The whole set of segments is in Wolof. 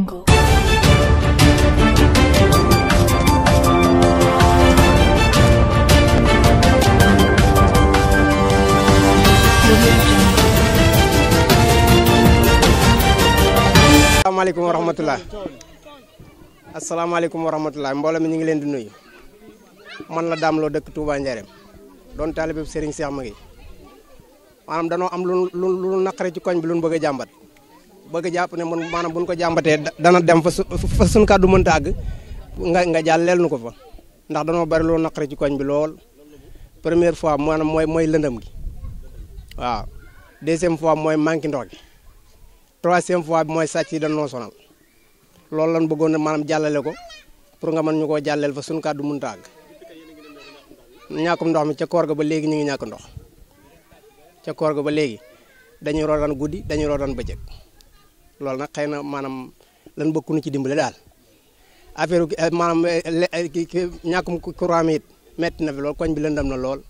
Jungle. asalaamaaleykum wa rahmatulah asalaamaaleykum wa rahmatulah mbooloo mi ñu ngi leen di nuyu man la daam loo dëkk Touba Njarem doon taalibe Serigne Cheikh Maguette maanaam danoo am lu lu lu naqare ci koñ bi lu bëgg a jàmbat. bëgg jàpp ne man bu buñ ko jàmbatee dana dem fa su fa suñ kàddu mënta àgg nga nga nu ko fa ndax danoo bari loo naqari ci koñ bi lool première fois maanaam mooy mooy lëndëm gi waaw deuxième fois mooy manqué ndox gi troisième fois bi mooy sàcc yi danoo sonal loolu lan bëggoon maanaam jàllale ko pour nga mën ñu koo jàlleel fa suñ kàddu mënta àgg ñàkkum ndox mi ca koor ga ba léegi ñu ngi ñàkk ndox ca koor ga ba léegi dañuy rootaan guddi dañuy rootaan bëccëg loolu nag xëy na maanaam lan bëgg ci dimbale daal affaire eh, maanaam eh, eh, ñàkkum courant mi it metti na fi lool koñ bi lan dam na lool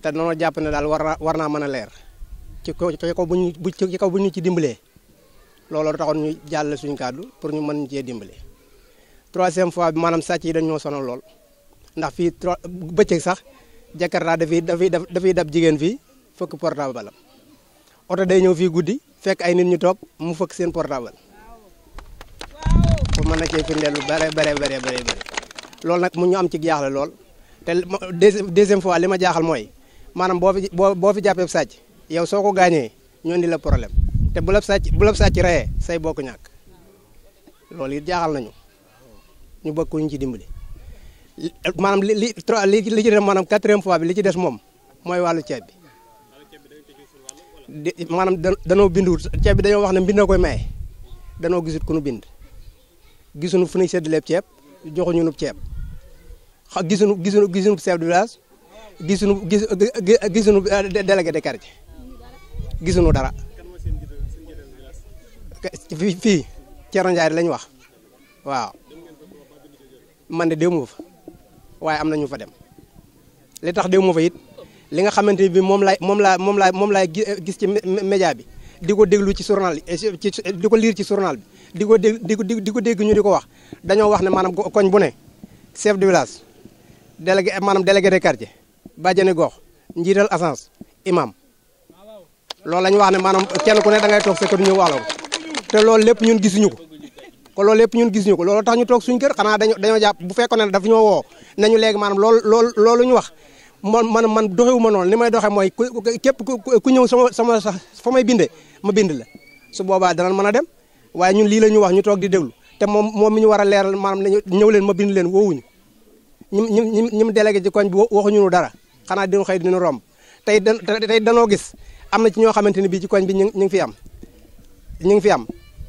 te noonu jàpp na daal war naa war naa mën a leer ci kaw ci kaw bu ñu ci kaw bu ñu ci dimbalee looloo taxoon ñu jàll suñu kàddu pour ñu mën cee dimbale. troisième fois bi maanaam sàcc yi dañ ñoo sonal lool ndax fii tro bëccëg sax Jakarta dafay dafay dafay dab jigéen fii fukk portable balam oto day ñëw fii guddi. fekk ay nit ñu toog mu fëkk seen portable pour mën na cee firndeel lu bare bare bare bare loolu nag mu ñu am ci jaaxle lool te deuxième fois li ma jaaxal mooy maanaam boo fi boo fi jàppee sàcc yow soo ko gaañee ñoo indi la problème te bu la sàcc bu la sàcc reyee say bokk ñàkk loolu it jaaxal nañu ñu bëgg ko ci dimbali maanaam li li li ci des maanaam quatrième fois bi li ci des moom mooy wàllu ceeb bi. di maanaam danoo binduwut ceeb bi dañoo wax ne mbind a koy maye danoo gisut ku bind gisunu fu ñuy séddaleeb ceeb joxuñu nu ceeb xa gisunu gisuñu gisuñu chef de gisuñu gis gisuñu euh, délégué de quartier gisuñu dara fii fii Thierno Ndiaye wax waaw man de déwuma fa waaye am na ñu fa dem li tax déwuma fa it. li nga xamante bi moom laay moom laa moom laa moom laay eh, gis ci média bi di ko déglu ci journal eh, ci di ko liir ci journal bi di ko dégg di ko di ko dégg ñu di ko wax dañoo wax ne maanaam koñ bu ne chef de village délégué eh, maanaam délégué de quartier bàjjani gox njiital assance imam loolu la wax ne maanaam kenn ku ne da ngay toog sa kër ñu wax la ko te loolu lépp ñun gisuñu ko ko loolu lépp ñun gis gisuñu ko loolu tax ñu toog suñu kër xanaa dañoo dañoo jàpp bu fekkoon ne daf ñoo woo nañu léegi lool loolu loolu loolu ñu wax man man man doxewu ma noonu li may doxee mooy ku képp ku ñëw sama sama sax fa may bindee ma bind la su boobaa danañ mën a dem waaye ñun lii la ñu wax ñu toog di déglu te moom mi ñu war a leeral maanaam lañu ñëw leen ma bind leen woowuñu ñu ñu ñu ñu mu délégué ci koñ bi dara xanaa dina xëy dina romb tey da tey danoo gis am na ci ñoo xamante ne bii ci koñ bi ñu ñu ngi fi am ñu ngi fi am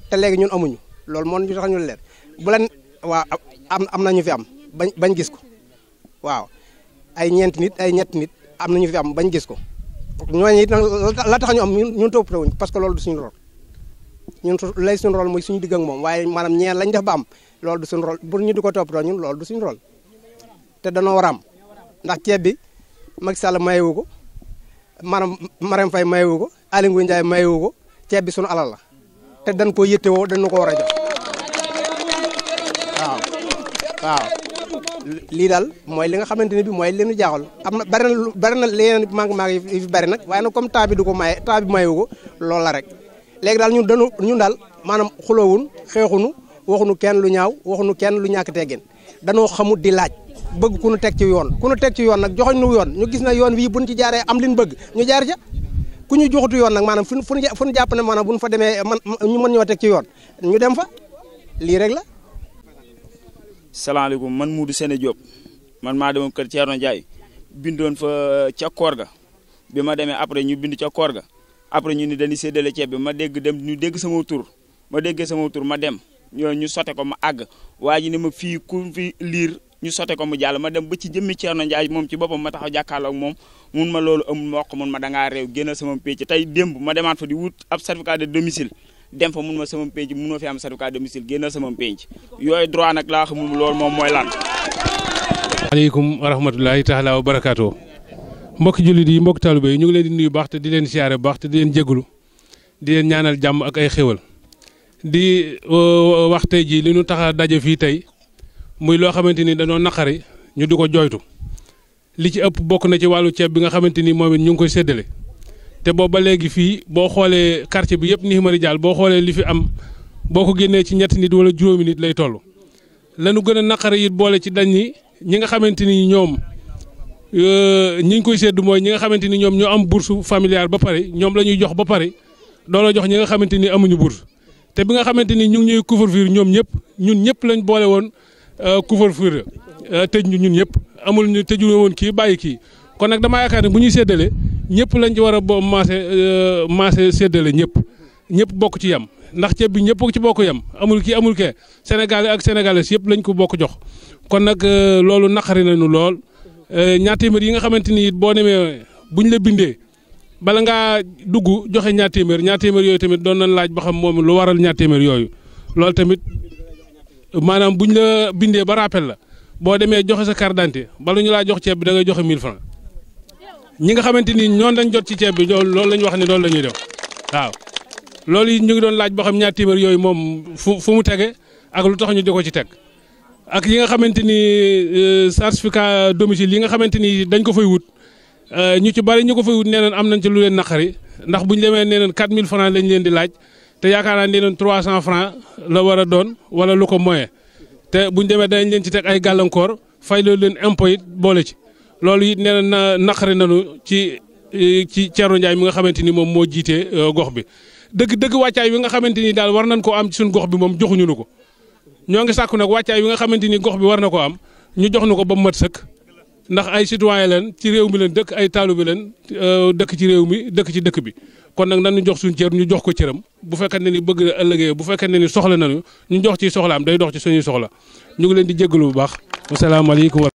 te léegi ñun amuñu loolu moo ñu tax ñu leer bu leen waaw am am na ñu fi am bañ bañ gis ko waaw. ay ñeenti nit ay ñetti nit am na ñu fi am bañ gis ko ñooñu it nag la tax ñu am ñun ñun toppatoo wuñ parce que loolu du suñu rôle ñun lay suñu rôle mooy suñu digg moom waaye maanaam ñeen lañ def ba am loolu du suñu rôle bu ñu di ko toppatoo ñun loolu du suñu rôle te danoo war am ndax ceeb bi Macky Sall mayewu ko maanaam Marème Faye mayewu ko Aly Ngouille Ndiaye mayewu ko ceeb bi suñu alal la te da koo yëttewoo dañu ko war a jox waaw lii daal mooy li nga xamante ne bi mooy li ñu jaaxal am na bari na bari na leneen manque manque yi fi bari nag waaye nag comme temps bi du ko maye temps bi mayewu ko loolu la rek léegi daal ñun dañu ñun daal maanaam xuloowun xeexunu waxunu kenn lu ñaaw waxunu kenn lu ñàkk teggin danoo xamut di laaj bëgg ku nu teg ci yoon ku nu teg ci yoon nag joxoñ nu yoon ñu gis na yoon wii buñ ci jaaree am liñ bëgg ñu jaar ca ku ñu joxutu yoon nag maanaam fu ñu fu ñu jàpp ne maanaam buñ fa demee man ñu mën ñoo teg yoon ñu dem fa lii rek la salaamaaleykum man Modou Sene Diop man maa demoon kër Thierno Ndiaye bindoon fa uh, ca koor ga bi ma demee après ñu bind ca koor ga après ñu ni dañuy séddale ceeb bi ma dégg dem ñu dégg sama tur ma déggee sama tur ma dem ñu sote ko ma àgg waa ji ni ma fii ku fi liir ñu sote ko mu jaal ma dem ba ci jëmmi Thierno Ndiaye moom ci boppam ma taxaw jàkkaarloo ak moom mun ma loolu amul ma wax ko mun ma dangaa réew génn sama pécc tey démb ma demaat fa di wut ab certificat de domicile dem fa mun ma sama penc mun ma fi am certificat domicile génnal sama penc yooyu droit nag laa xamul loolu moom mooy lan. aleykum wa rahmatulahi taala mbokki jullit yi mbokki taalibe yi ñu ngi leen di nuyu baax te di leen siyaare baax te di leen jégalu di leen ñaanal jàmm ak ay xéwal di wax tey li ñu tax a daje fii tey muy loo xamante ni dañoo naqari ñu di ko jooytu li ci ëpp bokk na ci wàllu ceeb bi nga xamante ni moom it ñu ngi koy séddale. te boobu ba léegi fii boo xoolee quartier bi yëpp Nihimari Dial boo xoolee li fi am boo ko génnee ci ñetti nit wala juróomi nit lay toll. lanu gën a naqari it boole ci dañ ñi ñi nga xamante ni ñoom euh, ñi ngi koy séddu mooy ñi nga xamante ni ñoom ñu am bourse familiale ba pare ñoom la ñuy jox ba pare dooloo jox ñi nga xamante ni amuñu bourse te bi nga xamante ni ñu ngi ñuy couvre-feu ñoom ñëpp ñun ñëpp lañ boole woon euh, couvre-feu euh, tëj ñu ñun ñëpp amul ñu tëju woon kii bàyyi kii. kon nag dama yaakaar ne bu ñuy séddale ñëpp lañu ci war a bo maase euh, maase séddale ñëpp ñëpp bokk ci yam ndax ceeb bi ñëpp ci bokk yam amul kii amul kee sénégalais ak sénégalaises yëpp lañ ko bokk jox kon nag euh, loolu naqari nañu lool euh, ñaar téeméer yi nga xamante ni boo demee buñ la bindee bala ngaa dugg joxe ñaar téeméer ñaar téeméer yooyu tamit doon nañ laaj ba xam moom lu waral ñaar téeméer yooyu loolu tamit maanaam buñ la bindee ba rappel la boo demee joxe sa carte d'identité bala ñu laa jox ceeb bi da ngay joxe 1000 ñi nga xamante ni ñoon lañ jot ci ceeb bi loolu lañu ñu wax ni loolu la ñuy def waaw loolu yi ñu ngi doon laaj boo xam ñaar téeméer yooyu moom fu fu mu tege ak lu tax ñu di ko ci teg ak yi nga xamante ni euh, certificat domicile yi nga xamante ni dañ ko fay wut euh, ñu ci bari ñu ko fay wut nee nañ am nañ ci lu leen naqari ndax bu ñu demee nee nañ mille francs lañ leen di laaj te yaakaar naa ne nee nañ 300 francs la war a doon wala lu ko moyen te bu ñu demee danañ leen ci teg ay gàllankoor fay loolu leen impôt boole ci. loolu it nee na naqari nañu ci ci Thierno Ndiaye mi nga xamante ni moom moo jiite euh, gox bi dëgg dëgg wàccaay wi nga xamante ni daal war nañ koo am ci suñu gox bi moom joxuñu nu ko ñoo ngi sàkku nag wàccaay wi nga xamante ni gox bi war na ko am ñu jox nu ko ba mu mat sëkk ndax ay citoyen leen ci réew mi leen dëkk ay taalibe leen euh, dëkk ci réew mi dëkk ci dëkk bi kon nag ñu jox suñu cër ñu jox ko cëram bu fekkee ne ni bëgg na ëllëgee bu fekkee ne ni soxla nañu ñu jox ci soxlaam day dox ci suñuy soxla ñu ngi leen di jégalu bu baax. asalaamaaleykum.